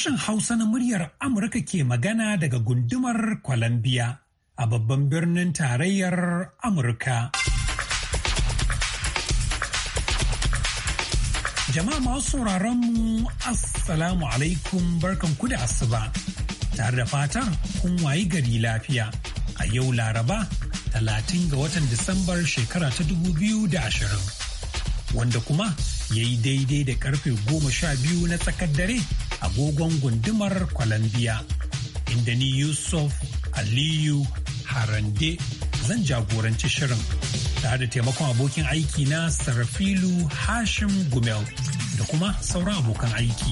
Sashen Hausa na muryar Amurka ke magana daga gundumar Columbia a babban birnin tarayyar Amurka. Jama'a masu sauraronmu Assalamu alaikum ku da asuba. Tare da fatan kun wayi gari lafiya a yau Laraba talatin ga watan Disambar shekara ta dubu biyu da ashirin, wanda kuma ya yi daidai da karfe goma sha biyu na tsakar dare agogon gundumar kwalambiya inda ni Yusuf Aliyu Harande zan jagoranci shirin tare da taimakon abokin aiki na Sarafilu Hashim Gumel da kuma sauran abokan aiki.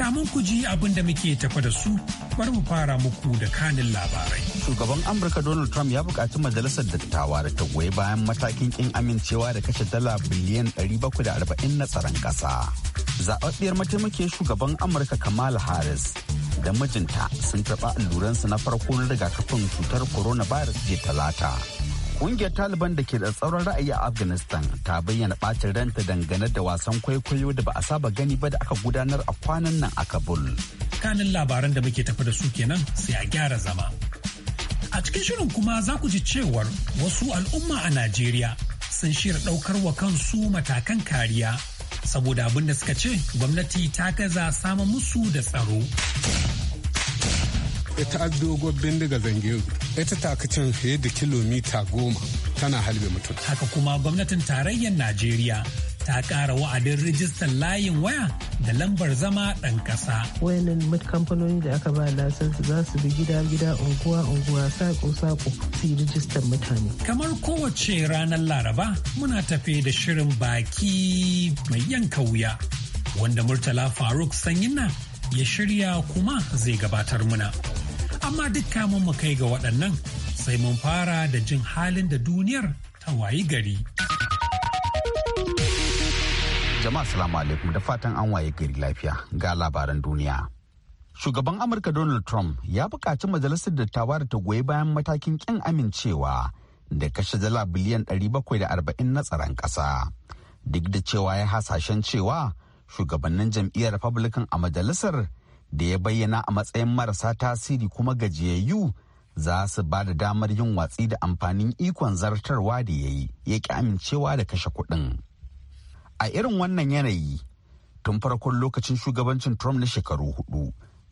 Kamun ku ji abin da muke tafa da su bari mu fara muku da kanin labarai. Shugaban Amurka Donald Trump ya buƙaci majalisar dattawa da ta goyi bayan matakin kin amincewa da kashe dala biliyan 740 na tsaron ƙasa. zaɓaɓɓiyar mataimakin shugaban amurka Kamal harris da mijinta sun karɓa alluransu na farko na rigakafin cutar coronavirus je talata Ƙungiyar Taliban da ke da tsauran ra'ayi a Afghanistan ta bayyana ɓacin ranta dangane da wasan kwaikwayo da ba a saba gani ba da aka gudanar a kwanan nan a Kabul. Kanin labaran da muke tafi da su kenan sai a gyara zama. A cikin shirin kuma za ku ji cewar wasu al'umma a Najeriya sun shirya ɗaukar wa kansu matakan kariya saboda abin da suka ce gwamnati ta gaza samun musu da tsaro. ita dogon bindiga zangiru ita takacin fiye da kilomita goma tana halbe mutum. Haka kuma gwamnatin tarayyar Najeriya ta ƙara wa'adin rijistar layin waya da lambar zama ɗan ƙasa. mutum kamfanoni da aka ba lasansu za su bi gida-gida unguwa-unguwa saƙo-saƙo su yi rijistar mutane. Kamar kowace ranar Laraba muna tafe da shirin baki mai yanka wuya wanda Murtala Faruk Sanyina ya shirya kuma zai gabatar muna. Amma duk kamun mu kai ga waɗannan sai mun fara da jin halin da duniyar ta wayi gari. Jama'a salamu alaikum da fatan an waye gari lafiya ga labaran duniya. Shugaban Amurka Donald Trump ya buƙaci majalisar dattawa da ta goyi bayan matakin kin amincewa da kashe dala biliyan 740 na tsaron ƙasa. Duk da cewa ya hasashen cewa shugabannin jam'iyyar Republican a majalisar da ya bayyana a matsayin marasa tasiri kuma gajiyayyu za su ba da damar yin watsi da amfanin ikon zartarwa da ya yi ya ƙi amincewa da kashe kuɗin. a irin wannan yanayi tun farkon lokacin shugabancin trump na shekaru hudu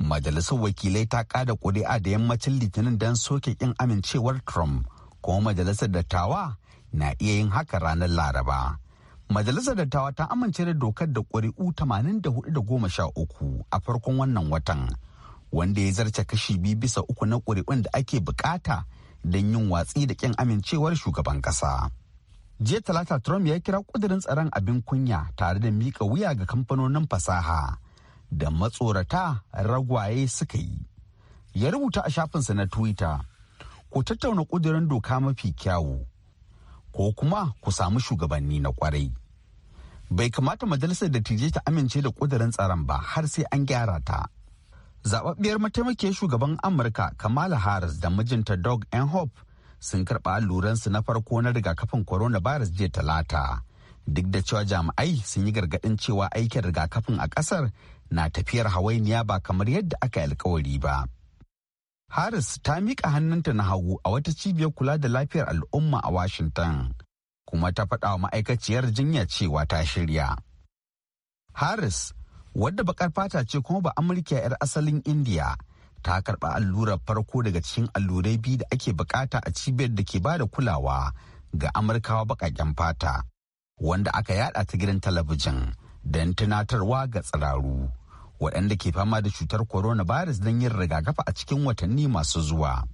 majalisar wakilai ta kada kuri'a da yammacin litinin don soke kin amincewar trump kuma majalisar dattawa na iya yin haka ranar laraba majalisar dattawa ta amince da dokar da kuri'u sha uku a farkon wannan watan wanda ya zarce kashi biyu bisa uku na kuri'un da ake bukata don yin watsi da ƙin amincewar shugaban ƙasa. jiya talata trump ya kira kudirin tsaron abin kunya tare da mika wuya ga kamfanonin fasaha da matsorata ragwaye suka yi ya rubuta a shafinsa na twitter ku tattauna kudirin doka mafi kyawu ko kuma ku samu shugabanni na kwarai bai kamata majalisar da tije ta amince da kudirin tsaron ba har sai an gyara ta zababbiyar mataimakiyar shugaban amurka kamala harris da mijinta dog enhope sun karɓa alluransu na farko na rigakafin Corona coronavirus jiya talata duk da cewa jami'ai sun yi gargaɗin cewa aikin rigakafin a ƙasar na tafiyar hawainiya ba kamar yadda aka yi alkawari ba. Harris ta miƙa hannunta na hagu a wata cibiyar kula da lafiyar al'umma a Washington, kuma ta faɗa wa ma'aikaciyar jinya cewa ta shirya. Harris, wadda baƙar fata ce kuma ba Amurka 'yar asalin Indiya, ta karba allurar farko daga cikin allurai biyu da ake bukata a cibiyar da ke ba da kulawa ga amurkawa baƙaƙen fata wanda aka yada ta gidan talabijin don tunatarwa ga tsiraru waɗanda ke fama da cutar coronavirus don yin rigakafi a cikin watanni masu zuwa.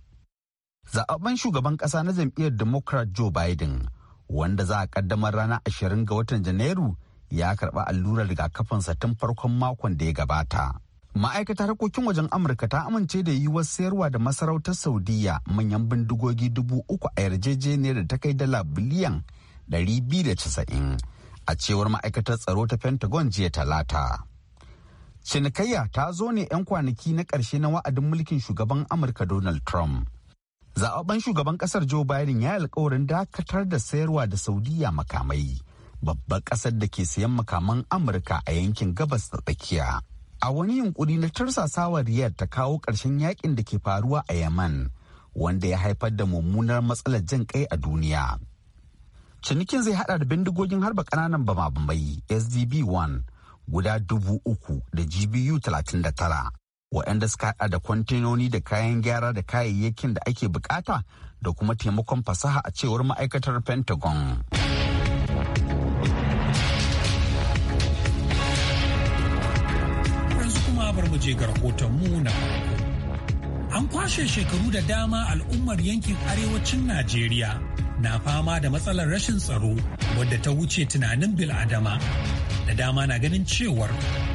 Zaɓaɓɓen shugaban ƙasa na jam'iyyar Democrat Joe Biden wanda za a ƙaddamar ranar ashirin ga watan Janairu ya karɓa allurar rigakafinsa tun farkon makon da ya gabata. ma'aikatar harkokin wajen amurka ta amince da yiwuwar sayarwa da masarautar saudiya manyan bindigogi dubu uku a yarjejeniyar da ta kai dala biliyan biyu da casa'in a cewar ma'aikatar tsaro ta pentagon jiya talata cinikayya ta zo ne 'yan kwanaki na ƙarshe na wa'adin mulkin shugaban amurka donald trump zaɓaɓɓen shugaban ƙasar joe biden ya alkawarin dakatar da sayarwa da saudiya makamai babbar ƙasar da ke sayan makaman amurka a yankin gabas da tsakiya a wani yunkuri na tursasawa riyar ta kawo ƙarshen yakin da ke faruwa a yaman wanda ya haifar da mummunar matsalar jin kai a duniya cinikin zai hada da bindigogin harba kananan bamabamai sdb-1 guda dubu uku da gbu 39 waɗanda suka hada da kwantenoni da kayan gyara da kayayyakin da ake bukata da kuma taimakon fasaha a cewar ma'aikatar pentagon. bar mu je ga mu na farko. An kwashe shekaru da dama al'ummar yankin arewacin Najeriya na fama da matsalar rashin tsaro wadda ta wuce tunanin bil'adama. Da dama na ganin cewar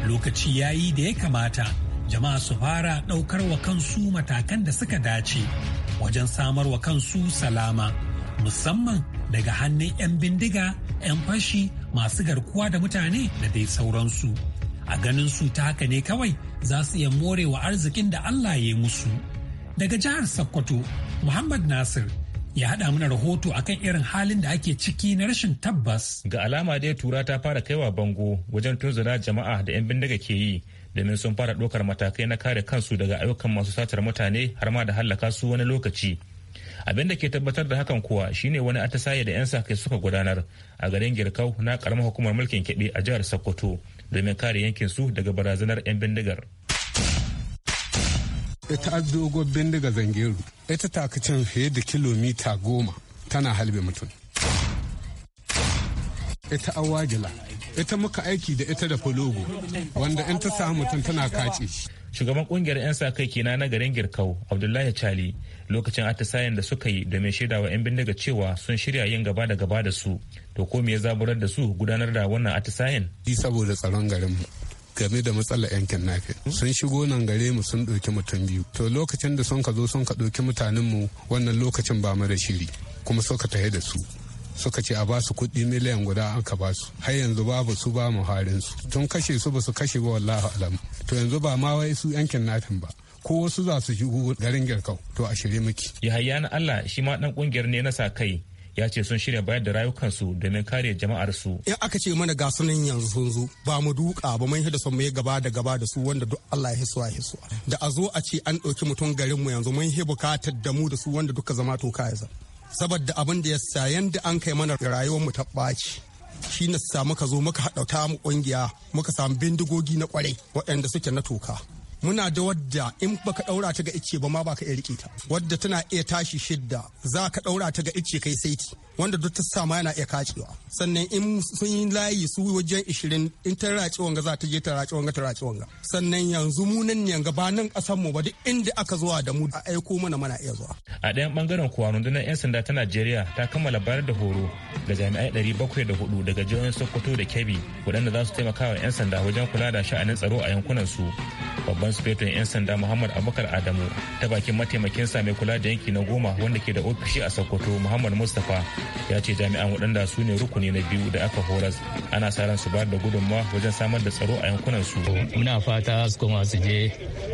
lokaci ya yi da ya kamata jama'a su fara ɗaukar wa kansu matakan da suka dace wajen samar wa kansu salama musamman daga hannun 'yan bindiga 'yan fashi masu garkuwa da mutane da dai sauransu. a ganin su ta haka ne kawai za su iya more wa arzikin da Allah ya yi musu. Daga jihar Sokoto, Muhammad Nasir ya haɗa mana rahoto akan irin halin da ake ciki na rashin tabbas. Ga alama dai tura ta fara kaiwa bango wajen tunzuna jama'a da 'yan bindiga ke yi domin sun fara ɗaukar matakai na kare kansu daga ayyukan masu satar mutane har ma da hallaka su wani lokaci. abin da ke tabbatar da hakan kuwa shine wani atisaye da 'yan sa kai suka gudanar a garin girkau na karamar hukumar mulkin kebe a jihar sokoto domin kare yankin su daga barazanar 'yan bindigar. ita azogon bindiga zangeru ita takacin fiye da kilomita goma tana halbe mutum ita awajila ita muka aiki da ita da fulogo wanda in ta samu mutum tana kace shi shugaban kungiyar 'yan sa kai kina na garin girkau abdullahi chali lokacin atisayen da suka yi domin shaida wa 'yan bindiga cewa sun shirya yin gaba da gaba da su to ko me ya zaburar da su gudanar da wannan atisayen saboda tsaron garin game da matsalar yan kidnapping sun shigo nan gare mu sun ɗauki mutum biyu to lokacin da sun ka zo sun ka ɗauki mutanen mu wannan lokacin ba mu da shiri kuma suka tahe da su suka ce a ba su kuɗi miliyan guda an ka ba su har yanzu babu su ba mu harin su tun kashe su ba su kashe ba wallahi alam to yanzu ba ma wai su yankin natin ba ko wasu za su shigo garin girkau to a shirye miki yahaya na Allah shi ma dan kungiyar ne na sa kai ya ce sun shirya bayar da rayukansu domin kare jama'ar su. In aka ce mana ga sunan yanzu sun zo ba mu duka ba mun hidda son mu gaba da gaba da su wanda duk Allah ya hisuwa hisuwa. Da a zo a ce an dauki mutum garin mu yanzu mun hi bukatar da mu da su wanda duka zama to ka ya saboda abin da ya sayan da an kai mana rayuwar mu ta ɓaci shi na samu ka zo muka haɗa ta mu ƙungiya muka samu bindigogi na ƙwarai waɗanda suke na toka muna da wadda in baka daura ta ga icce ba ma baka iya rike ta wadda tana iya tashi shidda za ka daura ta ga icce kai saiti wanda duk ta sama yana iya kacewa sannan in sun yi layi su wajen 20 in ta race wanga za ta je ta race wanga ta race wanga sannan yanzu mu nan ne ba nan kasan mu ba duk inda aka zuwa da mu a aiko mana mana iya zuwa a ɗayan bangaren kuwa rundunar yan sanda ta Najeriya ta kammala bayar da horo ga jami'ai 704 daga jihohin Sokoto da Kebbi waɗanda za su taimaka wa yan sanda wajen kula da sha'anin tsaro a yankunan su babban sufetun 'yan sanda muhammad abubakar adamu ta bakin mataimakinsa mai kula da yanki na goma wanda ke da ofishi a sokoto muhammad mustapha ya ce jami'an waɗanda su ne rukuni na biyu da aka horas ana sa ran su bayar da gudunmawa wajen samar da tsaro a yankunan su muna fata su koma su je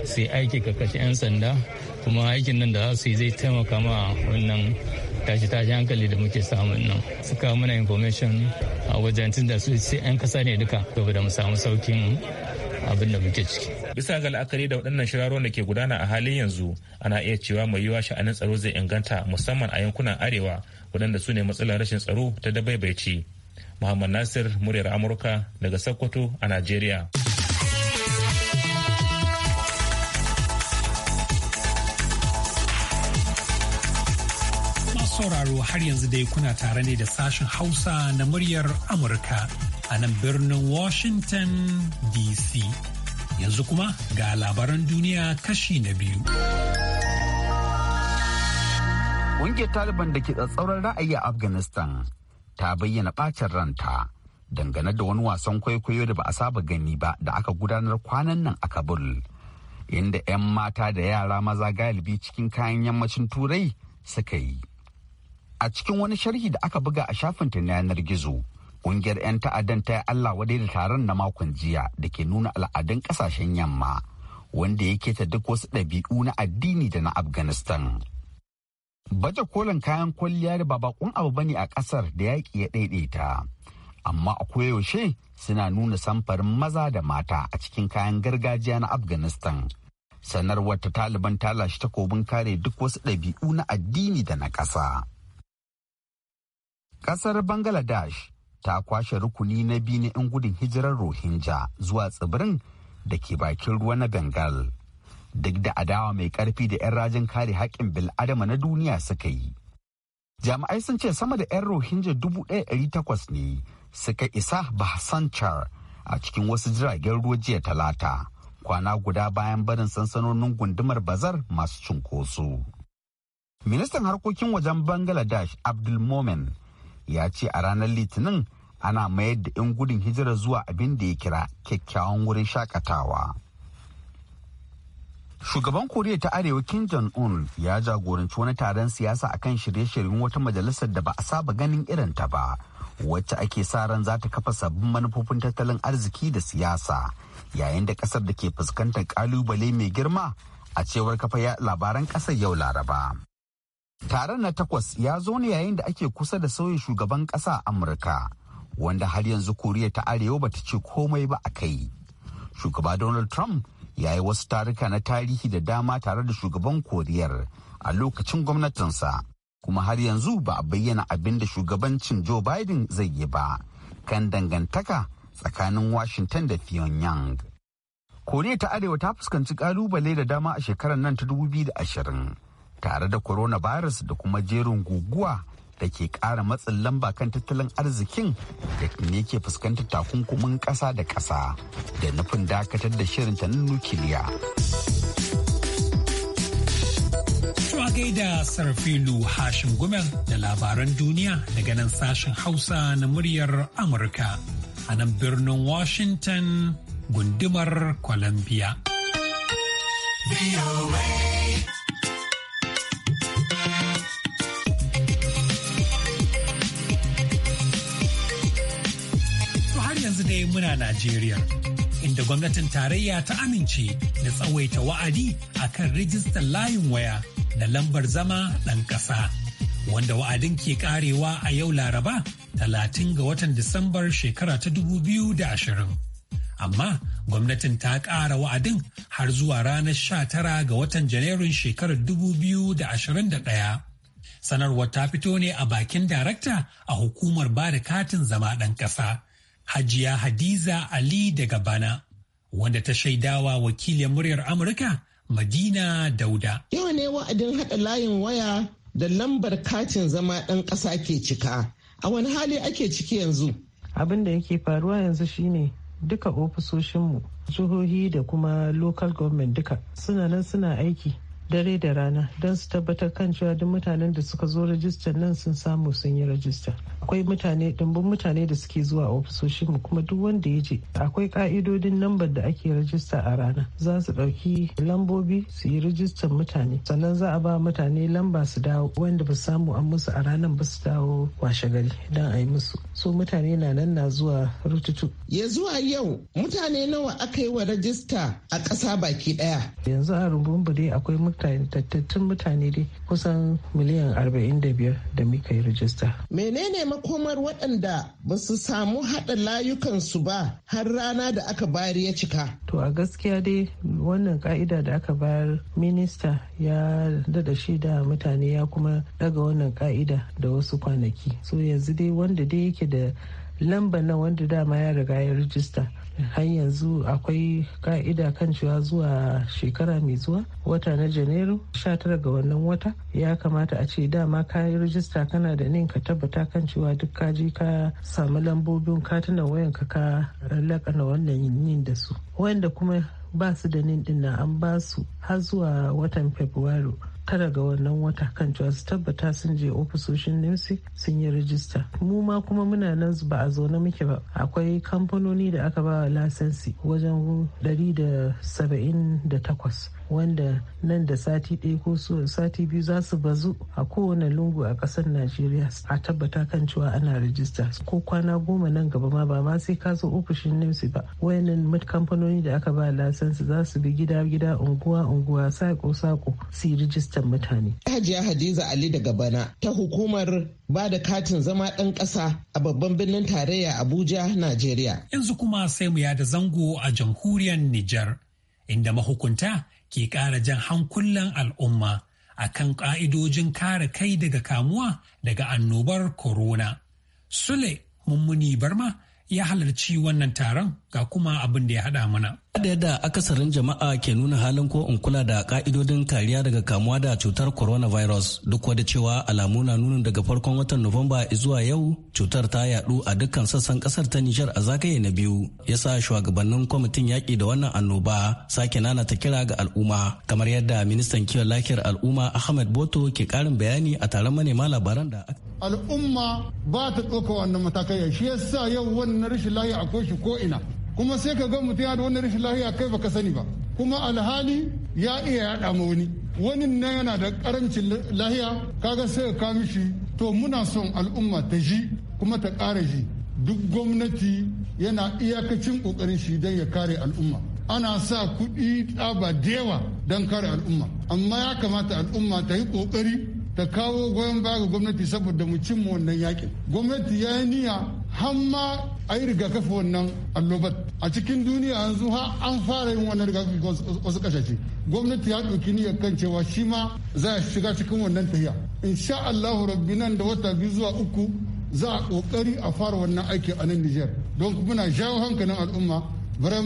su aiki aiki kashe 'yan sanda kuma aikin nan da za su yi zai taimaka ma wannan tashi tashi hankali da muke samun nan suka mana information a wajen tun da su sai 'yan kasa ne duka da mu samu saukin abin da muke ciki. Bisa ga la'akari da waɗannan shiraron da ke gudana a halin yanzu ana iya cewa mai yiwuwa sha'anin tsaro zai inganta musamman a yankunan arewa waɗanda su ne matsalar rashin tsaro ta dabaibaici. Muhammad Nasir muryar Amurka daga Sokoto a Najeriya. sauraro har yanzu dai kuna tare ne da sashen hausa na muryar amurka a nan birnin Washington DC. Yanzu kuma ga labaran duniya kashi na biyu. Ƙungiyar Taliban da ke tsatsauran ra'ayi a Afghanistan ta bayyana ɓacin ranta dangane da wani wasan kwaikwayo da ba a saba gani ba da aka gudanar kwanan nan a Kabul. Inda 'yan mata da yara maza galibi cikin kayan yammacin turai suka yi. A cikin wani sharhi da aka buga a shafinta na yanar gizo. Ƙungiyar 'yan ta'addan ta yi Allah wadai da taron na makon jiya da ke nuna al'adun ƙasashen yamma wanda ya ta duk wasu ɗabi'u na addini da na Afghanistan. Baje kolin kayan kwalliya da ba bakon abu bane a ƙasar da yaƙi ya ɗaiɗaita. Amma a koyaushe suna nuna samfarin maza da mata a cikin kayan gargajiya na Afghanistan. sanarwar ta taliban ta lashe takobin kare duk wasu ɗabi'u na addini da na ƙasa. Ƙasar Bangladesh ta kwashe rukuni na biyu na 'yan gudun hijirar rohingya zuwa tsibirin da ke bakin ruwa na bengal duk da adawa mai karfi da 'yan rajin kare haƙƙin bil'adama na duniya suka yi jami'ai sun ce sama da 'yan rohingya takwas ne suka isa bahsanchar a cikin wasu jiragen ruwa jiya talata kwana guda bayan barin sansanonin gundumar bazar masu cunkoso. ministan harkokin wajen bangladesh abdul momen ya ce a ranar litinin ana mayar da 'yan gudun hijira zuwa abin da ya kira kyakkyawan wurin shakatawa. Shugaban Koriya ta Arewa Kim Jong-un ya jagoranci wani taron siyasa akan shirye-shiryen wata majalisar da ba a saba ganin irin ta ba, wacce ake sa ran za ta kafa sabbin manufofin tattalin arziki da siyasa, yayin da kasar da ke fuskantar kalubale mai girma a cewar kafa labaran kasar yau Laraba. Taron na takwas ya zo ne yayin da ake kusa da sauyin shugaban ƙasa Amurka. wanda har yanzu koriya ta arewa bata ce komai ba a kai shugaba donald trump ya yi wasu taruka na tarihi da dama tare da shugaban koriyar a lokacin gwamnatinsa kuma har yanzu ba a bayyana abin da shugabancin joe biden zai yi ba kan dangantaka tsakanin washington da pyongyang koriya ta arewa ta fuskanci kalubale da dama a shekarar nan ta 2020 tare da coronavirus da kuma jerin guguwa da ke ƙara matsin lamba kan tattalin arzikin da ne ke fuskantar takunkumin kasa da kasa da nufin dakatar da shirinta na nukiliya. Shuwa gaida Sarfilu Hashim Gumel da labaran duniya daga nan sashen Hausa na muryar Amurka a nan birnin Washington gundumar Columbia. muna Najeriya. Inda gwamnatin tarayya ta amince da tsawaita wa'adi a kan rijistar layin waya da lambar zama ɗan ƙasa. Wanda wa'adin ke ƙarewa a yau Laraba talatin ga watan Disambar shekara ta dubu biyu da ashirin. Amma gwamnatin ta ƙara wa'adin har zuwa ranar sha tara ga watan Janairun shekarar dubu biyu da ashirin da ɗaya. sanarwar ta fito ne a bakin darakta a hukumar ba da katin zama ɗan ƙasa Hajiya Hadiza Ali daga Bana, wanda ta shaidawa wakilin muryar Amurka Madina Dauda. Yau ne wa'adin haɗa layin waya da lambar katin zama ɗan ƙasa ke cika. A wani hali ake ciki yanzu? Abin da yake faruwa yanzu shine duka ofisoshinmu, jihohi da kuma local government duka suna nan suna aiki dare da rana don su tabbatar kan cewa duk mutanen da suka zo rajistar nan sun samu sun yi rajista. akwai mutane dambun mutane da suke zuwa ofisoshin mu kuma duk wanda ya je akwai ka'idodin lambar da ake rajista a rana za su ɗauki lambobi su yi rajistar mutane sannan za a ba mutane lamba su dawo wanda ba samu an musu a ranar ba su dawo washe gari don a yi musu so mutane na nan na zuwa rututu ya zuwa yau mutane nawa aka yi wa rajista a ƙasa baki ɗaya yanzu a rumbun dai akwai mutane tattattun mutane dai kusan miliyan arba'in da biyar da muka yi rajista menene makomar waɗanda ba su samu haɗa layukansu ba har rana da aka bayar ya cika. To a gaskiya dai wannan ka'ida da aka bayar minista ya daɗa shi da mutane ya kuma ɗaga wannan ka'ida da wasu kwanaki. So yanzu dai wanda dai yake da lamba na wanda dama ya riga ya rijista. har yanzu akwai ka'ida kan cewa zuwa shekara mai zuwa wata na janairu 19 ga wannan wata ya kamata a ce dama ka yi rajista kana da nin ka tabbata kan cewa duk ka je ka samu lambobin katunan wayan ka ka lakana wannan yin da su wanda kuma ba su da nin dinna an ba su har zuwa watan fabrairu tara ga wannan wata kan cewa su tabbata sun je ofisoshin nemsi sun yi rajista mu ma kuma muna nan ba a zaune muke ba akwai kamfanoni da aka ba lasensi wajen 178 wanda nan da sati ɗaya ko sati biyu za su bazu a kowane lungu a ƙasar najeriya a tabbata kan cewa ana rajista ko kwana goma nan gaba ma ba ma sai ka zo ofishin nemsi ba wayannan kamfanoni da aka ba lasansu za su bi gida gida unguwa unguwa sako sako su yi rijistar mutane hajiya hadiza ali daga bana ta hukumar ba da katin zama ɗan ƙasa a babban birnin tarayya abuja najeriya yanzu kuma sai mu yada zango a jamhuriyar nijar inda mahukunta ke ƙara jan hankulan al'umma a kan ƙa'idojin kare kai daga kamuwa daga annobar corona. Sule Mummuni Barma ya halarci wannan taron ga kuma abin da ya haɗa mana. Da yadda akasarin jama'a ke nuna halin ko in kula da ka'idodin kariya daga kamuwa da cutar coronavirus duk wadda cewa alamu na nunin daga farkon watan Nuwamba zuwa yau cutar ta yadu a dukkan sassan kasar ta Nijar a zagaye na biyu yasa shugabannin kwamitin yaki da wannan annoba sake nana ta kira ga al'umma kamar yadda ministan kiwon lafiyar al'umma Ahmed Boto ke karin bayani a taron manema labaran da al'umma ba ta tsoka wannan matakai shi yasa yau wannan rashin lafiya akwai shi ko ina kuma sai ka ga mutum ya da wani rashin lafiya kai baka sani ba kuma alhali ya iya yaɗa ma wani wani na yana da karancin lahiya kaga sai ka mishi to muna son al'umma ta ji kuma ta ƙara ji duk gwamnati yana iyakacin ƙoƙarin shi don ya kare al'umma ana sa kuɗi tsaba da yawa don kare al'umma amma ya kamata al'umma ta yi ƙoƙari ta kawo goyon baya ga gwamnati saboda mu cimma wannan yakin gwamnati ya yi niyya hamma a yi rigakafi wannan allobat a cikin duniya yanzu ha an fara yin wannan rigakafi wasu kasashe gwamnati ya ɗauki niyyar kan cewa shi ma za a shiga cikin wannan tahiya insha allahu rabbi nan da wata biyu zuwa uku za a ƙoƙari a fara wannan aiki a nan nijar don kuma muna jawo hankalin al'umma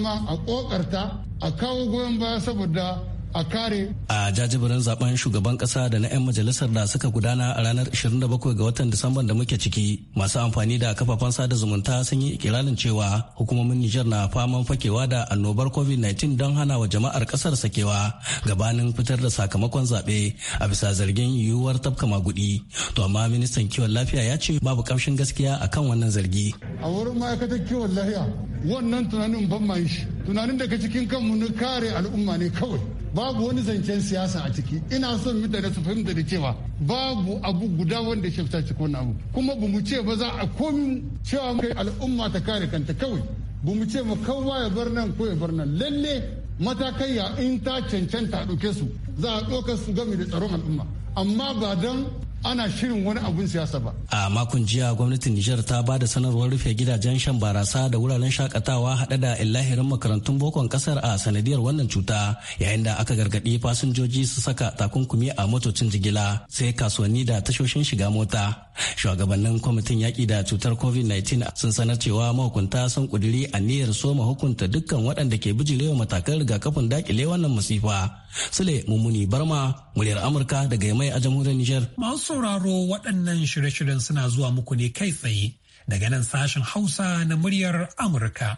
ma a ƙoƙarta a kawo goyon baya saboda a kare. A jajibirin zaben shugaban kasa da na 'yan majalisar da suka gudana a ranar 27 ga watan Disamban da muke ciki, masu amfani da kafafen sada zumunta sun yi ikirarin cewa hukumomin Nijar na faman fakewa da annobar COVID-19 don hana wa jama'ar kasar sakewa gabanin fitar da sakamakon zaɓe a bisa zargin yiwuwar tafka magudi. To amma ministan kiwon lafiya ya ce babu kamshin gaskiya a kan wannan zargi. A wurin ma'aikatar kiwon lafiya wannan tunanin ban ma shi tunanin daga cikin kanmu na kare al'umma ne kawai. babu wani zancen siyasa a ciki ina son mutane su fahimta da cewa babu abu guda wanda ya ta cikin wani abu kuma ba mu ce ba za a komi cewa kai al'umma ta kare kanta kawai ba mu ce ma kowa ya bar nan ko ya bar nan lalle matakaiya in ta cancanta a dauke su za a ɗauka su gami da tsaron al'umma amma ba don ana shirin wani abun siyasa ba. A makon jiya gwamnatin Nijar ta ba da sanarwar rufe gidajen shan barasa da wuraren shakatawa haɗe da illahirin makarantun bokon kasar a sanadiyar wannan cuta yayin da aka gargaɗi fasinjoji su saka takunkumi a motocin jigila sai kasuwanni da tashoshin shiga mota. Shugabannin kwamitin yaƙi da cutar COVID-19 sun sanar cewa mahukunta sun ƙudiri niyyar soma hukunta dukkan waɗanda ke bijirewa matakan rigakafin daƙile wannan masifa. Sule Mummuni Barma, muryar Amurka daga Yamai a jamhuriyar Nijar. sauraro waɗannan shirye-shiryen suna zuwa muku ne kai tsaye daga nan sashen Hausa na muryar Amurka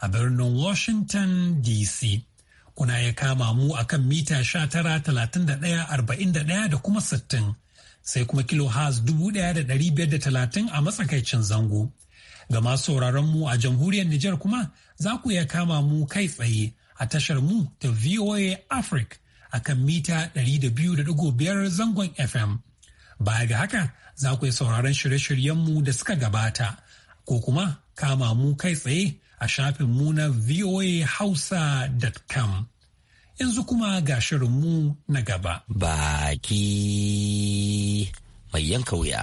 a birnin Washington DC. Kuna ya kama mu a kan mita 19,31,41 da kuma 60 sai kuma kilo has 1,530 a matsakaicin zango. Gama sauraron mu a jamhuriyar Nijar kuma za ku ya kama mu kai tsaye a tashar mu ta VOA Africa a kan mita 200.5 zangon FM. Baya ga haka za ku yi sauraron shirye-shiryenmu da suka gabata ko kuma kama mu kai tsaye a shafin mu na voahausa.com. Yanzu kuma ga shirinmu na gaba. Baki mai yanka wuya.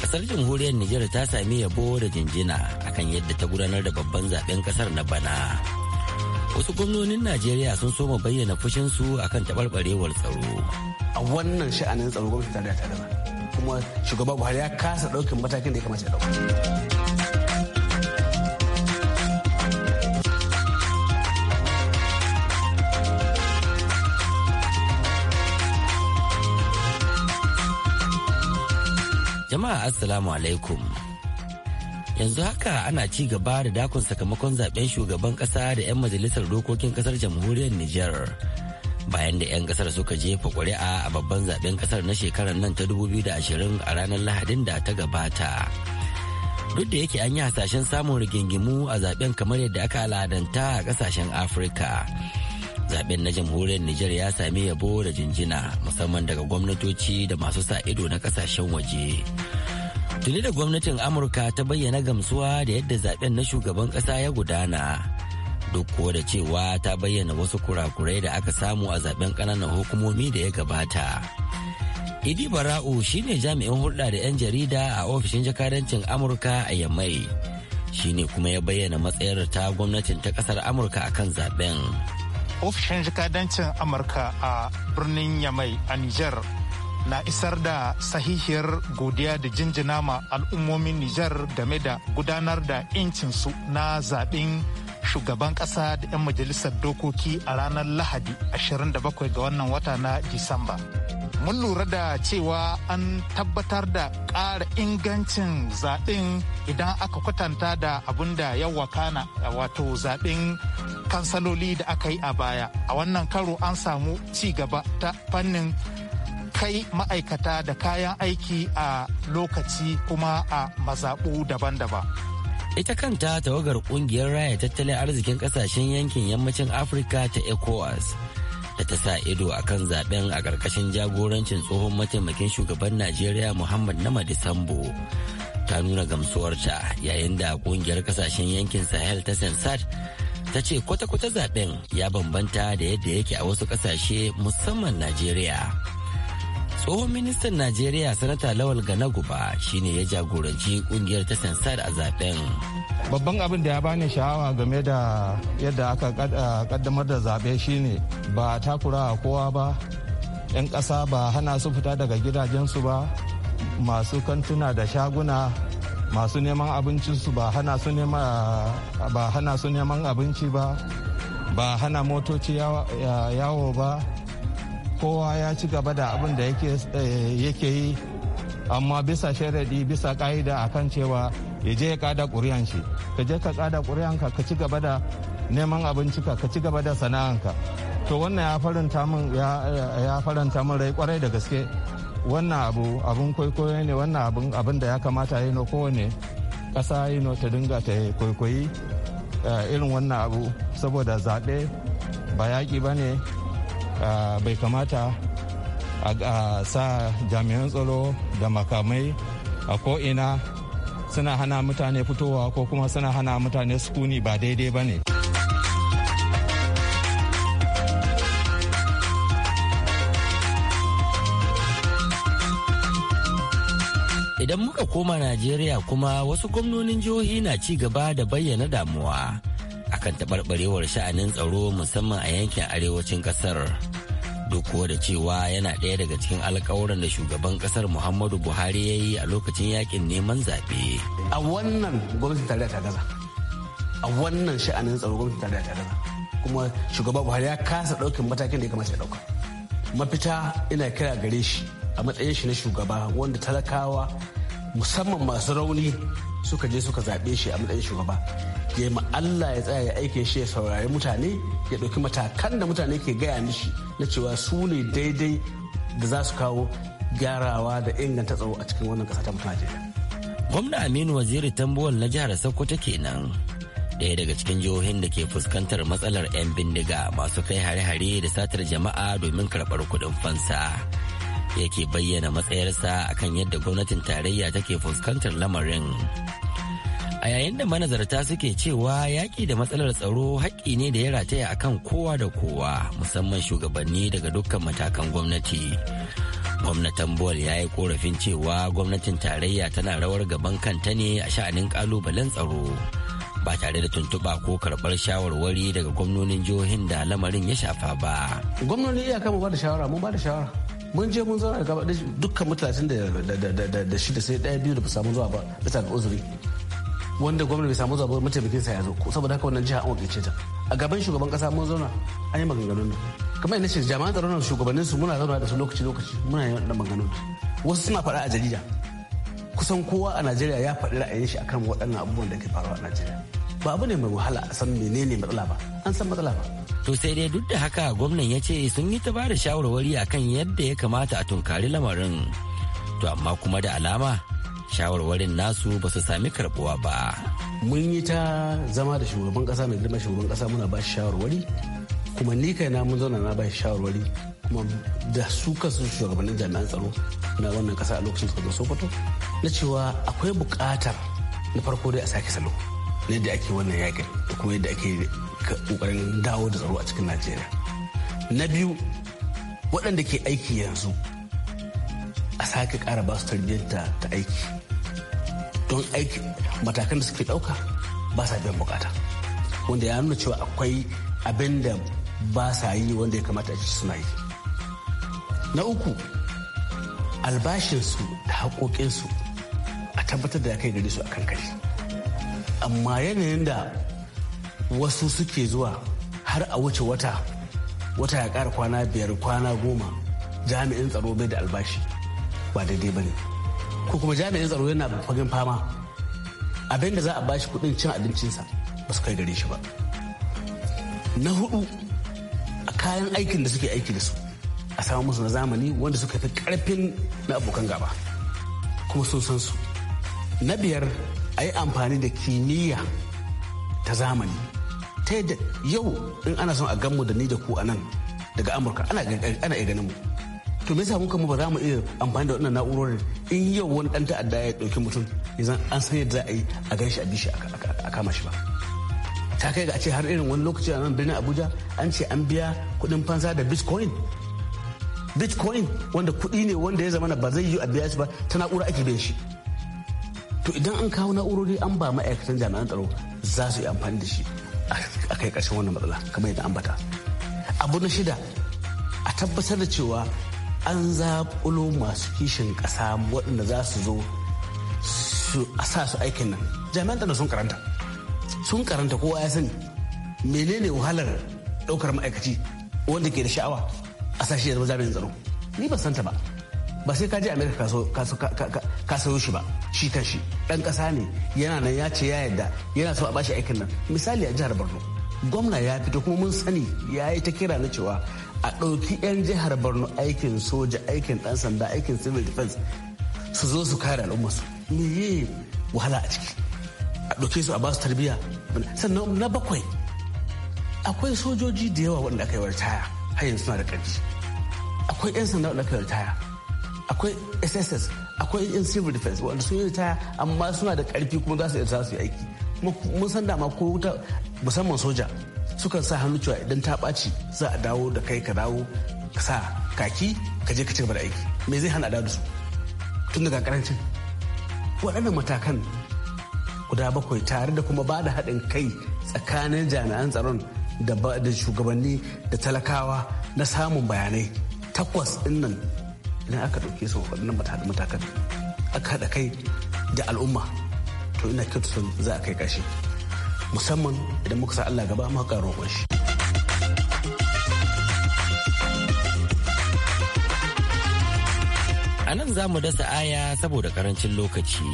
Kasar jamhuriyar Nijar ta sami yabo da jinjina akan yadda ta gudanar da babban zaben ƙasar na bana. wasu gwamnonin najeriya sun soma bayyana fushin su akan taɓarɓarewar tsaro a wannan sha'anin tsaro gwamnati ta da ta kuma shugaba buhari ya kasa ɗaukin matakin da ya kamata ya ɗauka jama'a assalamu alaikum yanzu haka ana ci gaba da dakon sakamakon zaben shugaban kasa da 'yan majalisar dokokin kasar jamhuriyar niger Bayan da 'yan kasar suka jefa ƙuri'a a babban zaben kasar na shekarar nan ta 2020 a ranar Lahadin da ta gabata. Duk da yake an yi hasashen samun rigingimu a zaben kamar yadda aka al'adanta a kasashen Afirka. Zaben na jamhuriyar niger ya sami yabo da jinjina musamman daga gwamnatoci da masu sa ido na kasashen waje. tuni da gwamnatin amurka ta bayyana gamsuwa da yadda zaben na shugaban ƙasa ya gudana duk kuwa da cewa ta bayyana wasu kurakurai da aka samu a zaben kananan hukumomi da ya gabata idi bara'u shine jami'in hulɗa da 'yan jarida a ofishin jakadancin amurka a yammai shine kuma ya bayyana matsayar ta gwamnatin ta ƙasar amurka a kan zaben ofishin jakadancin amurka a birnin yamai a Nijar. na isar da sahihiyar godiya da jinjina ma al'ummomin Nijar game da gudanar da incinsu na zaɓen shugaban ƙasa da 'yan majalisar dokoki a ranar Lahadi 27 ga wannan wata na Disamba. Mun lura da cewa an tabbatar da ƙara ingancin zaɓen idan aka kwatanta da abin da ya wakana wato zaɓen kansaloli da aka yi a baya. A wannan karo an samu ci gaba ta fannin kai ma'aikata da kayan aiki a lokaci kuma a mazaɓu daban-daban. Ita kanta tawagar kungiyar raya tattalin arzikin kasashen yankin yammacin Afirka ta ECOWAS da ta sa ido a kan zaɓen a ƙarƙashin jagorancin tsohon mataimakin shugaban Najeriya Muhammad na Disambo. Ta nuna gamsuwarta yayin da kungiyar kasashen yankin Sahel ta Sensat ta ce kwata-kwata zaɓen ya bambanta da yadda yake a wasu kasashe musamman Najeriya. tsohon ministan najeriya sanata lawal ga na guba shine ya jagoranci kungiyar ta sansar a zaben babban abin da ya bani sha'awa game da yadda aka kaddamar da zaɓe shine ba takura a kowa ba 'yan ƙasa ba hana su fita daga gidajensu ba masu kantuna da shaguna masu neman abincinsu ba hana su neman abinci ba ba hana motoci yawo ba kowa ya ci gaba da abin da yake eh, yi amma bisa sharaɗi bisa a kan cewa ya je ya kada ƙuri'an shi ka je ka kada ƙuri'anka ka ci gaba da neman abinci ka ci gaba da sana'anka to wannan ya faranta min ya faranta min rai kwarai da gaske wannan abu abun kwaikwayo ne wannan abin da ya kamata yi no kowane ƙasa yi no ta dinga ta kwaikwayi eh, irin wannan abu saboda zaɓe ba yaƙi ba ne bai kamata a sa jami'an tsaro da makamai a ko'ina suna hana mutane fitowa ko kuma suna hana mutane sukuni ba daidai ba ne. Idan muka koma Najeriya kuma wasu gwamnonin jihohi na ci gaba da bayyana damuwa akan taɓarɓarewar sha'anin tsaro musamman a yankin arewacin ƙasar. duk da cewa yana ɗaya daga cikin alkawuran da shugaban ƙasar muhammadu buhari ya yi a lokacin yakin neman zaɓe. a wannan gwamnatin tarayya ta gaza a wannan sha'anin tsaro gwamnatin tarayya ta gaza kuma shugaban buhari ya kasa ɗaukin matakin da ya kamata ya ɗauka mafita ina kira gare shi a matsayin shi na shugaba wanda talakawa musamman masu rauni suka je suka zaɓe shi a matsayin shugaba ya ma Allah ya tsaya ya aike shi ya saurari mutane ya ɗauki matakan da mutane ke gaya mishi na cewa su ne daidai da za su kawo gyarawa da inganta tsaro a cikin wannan ƙasa ta Najeriya. Gwamna Aminu Waziri Tambuwan na jihar Sokoto kenan. Daya daga cikin jihohin da ke fuskantar matsalar 'yan bindiga masu kai hare-hare da satar jama'a domin karɓar kuɗin fansa. yake bayyana matsayarsa akan yadda gwamnatin tarayya take fuskantar lamarin a yayin da manazarta suke cewa yaƙi da matsalar tsaro haƙƙi ne da ya rataya a kan kowa da kowa musamman shugabanni daga dukkan matakan gwamnati gwamnatin bol ya yi korafin cewa gwamnatin tarayya tana rawar gaban kanta ne a sha'anin kalubalen tsaro ba tare da tuntuɓa ko karɓar shawarwari daga gwamnonin jihohin da lamarin ya shafa ba gwamnoni iya kama ba da shawara mun ba da shawara mun je mun zauna gaba dukkan mu da sai daya biyu da ba samu zuwa ba bisa ga uzuri wanda gwamnati bai samu zuwa ba sa ya zo saboda haka wannan jiha an wakilce ta a gaban shugaban kasa mun zauna an yi maganganun nan kamar ina ce jama'an tsaron shugabannin su muna zauna da su lokaci lokaci muna yi wannan maganganun wasu suna faɗa a jarida kusan kowa a najeriya ya faɗi ra'ayin shi akan waɗannan abubuwan da ke faruwa a najeriya ba abu ne mai wahala a san menene matsala ba an san matsala ba to sai dai duk da haka gwamnan ya ce sun yi ta ba da shawarwari akan yadda ya kamata a tunkari lamarin to amma kuma da alama shawarwarin nasu ba su sami karbuwa ba mun yi ta zama da shugaban kasa mai girma shugaban kasa muna ba shi shawarwari kuma ni kaina mun zauna na ba shi shawarwari kuma da su kasu shugabannin jami'an tsaro na wannan kasa a lokacin tsaro sokoto na cewa akwai buƙatar na farko dai a sake salo yadda ake wannan yakin da kuma yadda ake kokarin dawo da tsaro a cikin najeriya na biyu waɗanda ke aiki yanzu a sake ƙara ba su tarbiyyar ta aiki don aiki matakan da suke ɗauka ba sa biyan bukata wanda ya nuna cewa akwai abin da ba sa yi wanda ya kamata a ci suna yi na uku albashinsu da haƙoƙinsu a tabbatar da ya kai gare su a kari. amma yanayin da wasu suke zuwa har a wuce wata wata ya ƙara kwana biyar kwana goma jami'in tsaro bai da albashi ba daidai ba ne ko kuma jami'in tsaro yana fagen fama abin da za a bashi kudin cin abincinsa ba su kai gare shi ba na hudu a kayan aikin da suke aiki da su a samu musu na zamani wanda suka fi karfin na abokan gaba kuma sun san su na biyar a yi amfani da kimiyya ta zamani ta yadda yau in ana son a ganmu da ni da ku a nan daga amurka ana iya ganin mu to me yasa muka mu ba za mu iya amfani da wannan na'urorin in yau wani dan ta'adda ya dauki mutum Idan an san yadda za a yi a ganshi a bishi a kama shi ba ta kai ga a ce har irin wani lokaci a nan birnin abuja an ce an biya kuɗin fansa da bitcoin bitcoin wanda kuɗi ne wanda ya zamana ba zai yi a biya shi ba ta na'ura ake biyan shi to idan an kawo na'urori an ba ma'aikatan jami'an tsaro za su yi amfani da shi a kai ƙarshen wannan matsala kamar yadda bata abu na shida a tabbatar da cewa an zaɓulo masu kishin ƙasa waɗanda za su zo su sa su aikin nan jami'an tsaro sun karanta sun karanta kowa ya sani menene wahalar ɗaukar ma'aikaci wanda ke da sha'awa a sashi ya zama jami'in tsaro ni ba santa ba ba sai ka je amerika ka sayo shi ba shi tashi shi ɗan ƙasa ne yana nan ya ce ya yadda yana so a bashi aikin nan misali a jihar borno gwamna ya fito kuma mun sani ya yi ta kira na cewa a ɗauki 'yan jihar borno aikin soja aikin ɗan sanda aikin civil defense su zo su kare al'ummarsu me ye wahala a ciki a ɗauke su a basu tarbiyya sannan na bakwai akwai sojoji da yawa wanda aka yi taya har yanzu suna da ƙarfi akwai 'yan sanda wanda aka yi taya akwai sss akwai in civil defense wanda sun yi ta amma suna da karfi kuma za su iya su yi aiki mun san dama ko wuta musamman soja sukan sa hannu cewa idan ta ɓaci za a dawo da kai ka dawo ka sa kaki ka je ka ci gaba da aiki me zai hana da su tun daga karancin waɗannan matakan guda bakwai tare da kuma ba da haɗin kai tsakanin jami'an tsaron da shugabanni da talakawa na samun bayanai takwas ɗin nan idan aka ɗauke su waɗannan matakan aka haɗa kai da al'umma to ina kyautu za a kai kashi musamman idan muka sa Allah gaba muka roƙon shi. A nan za mu dasa aya saboda karancin lokaci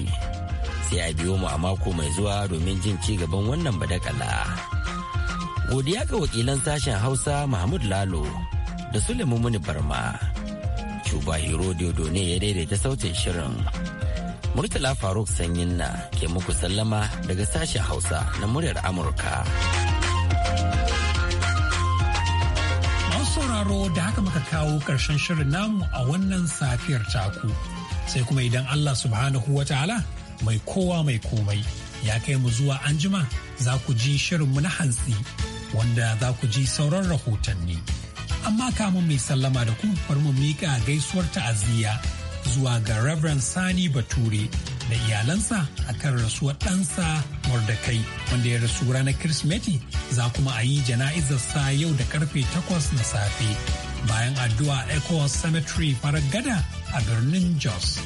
sai a biyo mu a mako mai zuwa domin jin ci gaban wannan badakala. Godiya ga wakilan sashen Hausa Mahmud Lalo da Suleiman Muni Barma. Chubahiro ne ya daidaita sautin shirin. Murtala Faruk Sanyin na ke muku sallama daga sashen Hausa na muryar Amurka. Masu sauraro da haka muka kawo ƙarshen shirin namu a wannan safiyar taku. Sai kuma idan Allah subhanahu wa ta'ala mai kowa mai komai ya kai mu zuwa anjima za ku ji mu na hantsi wanda za ku ji sauran rahotanni. Amma kamun mai sallama da kuma mu miƙa gaisuwar ta'aziyya zuwa ga Reverend Sani Bature da iyalansa a kan rasuwar ɗansa Mordecai wanda ya rasu ranar Kirsimeti za kuma a yi jana'izarsa yau da karfe takwas na safe bayan addu'a Echo Cemetery farar gada a birnin Jos.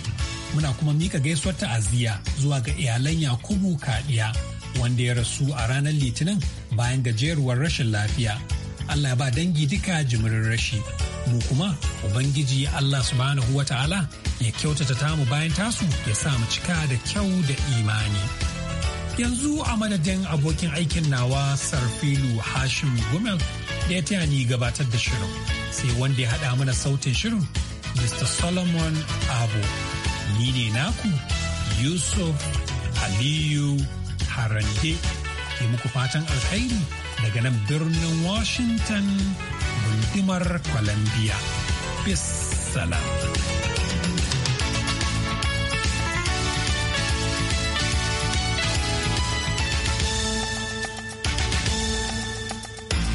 Muna kuma mika gaisuwar ta'aziyya zuwa ga iyalan Yakubu Kaɗiya wanda ya rasu a ranar Litinin bayan gajeruwar rashin lafiya. Allah ba dangi duka jimirin rashi mu kuma ubangiji Allah subhanahu wa ta'ala ya kyautata mu bayan tasu ya sa mu cika da kyau da imani yanzu a madadin abokin aikin nawa sarfilu hashim gumel da ya taya ni gabatar da shirin sai wanda ya haɗa mana sautin shirin mr solomon abu ni ne naku yusuf aliyu harande ke muku fatan alkhairi daga nan birnin Washington, gundumar Columbia. Peace salam.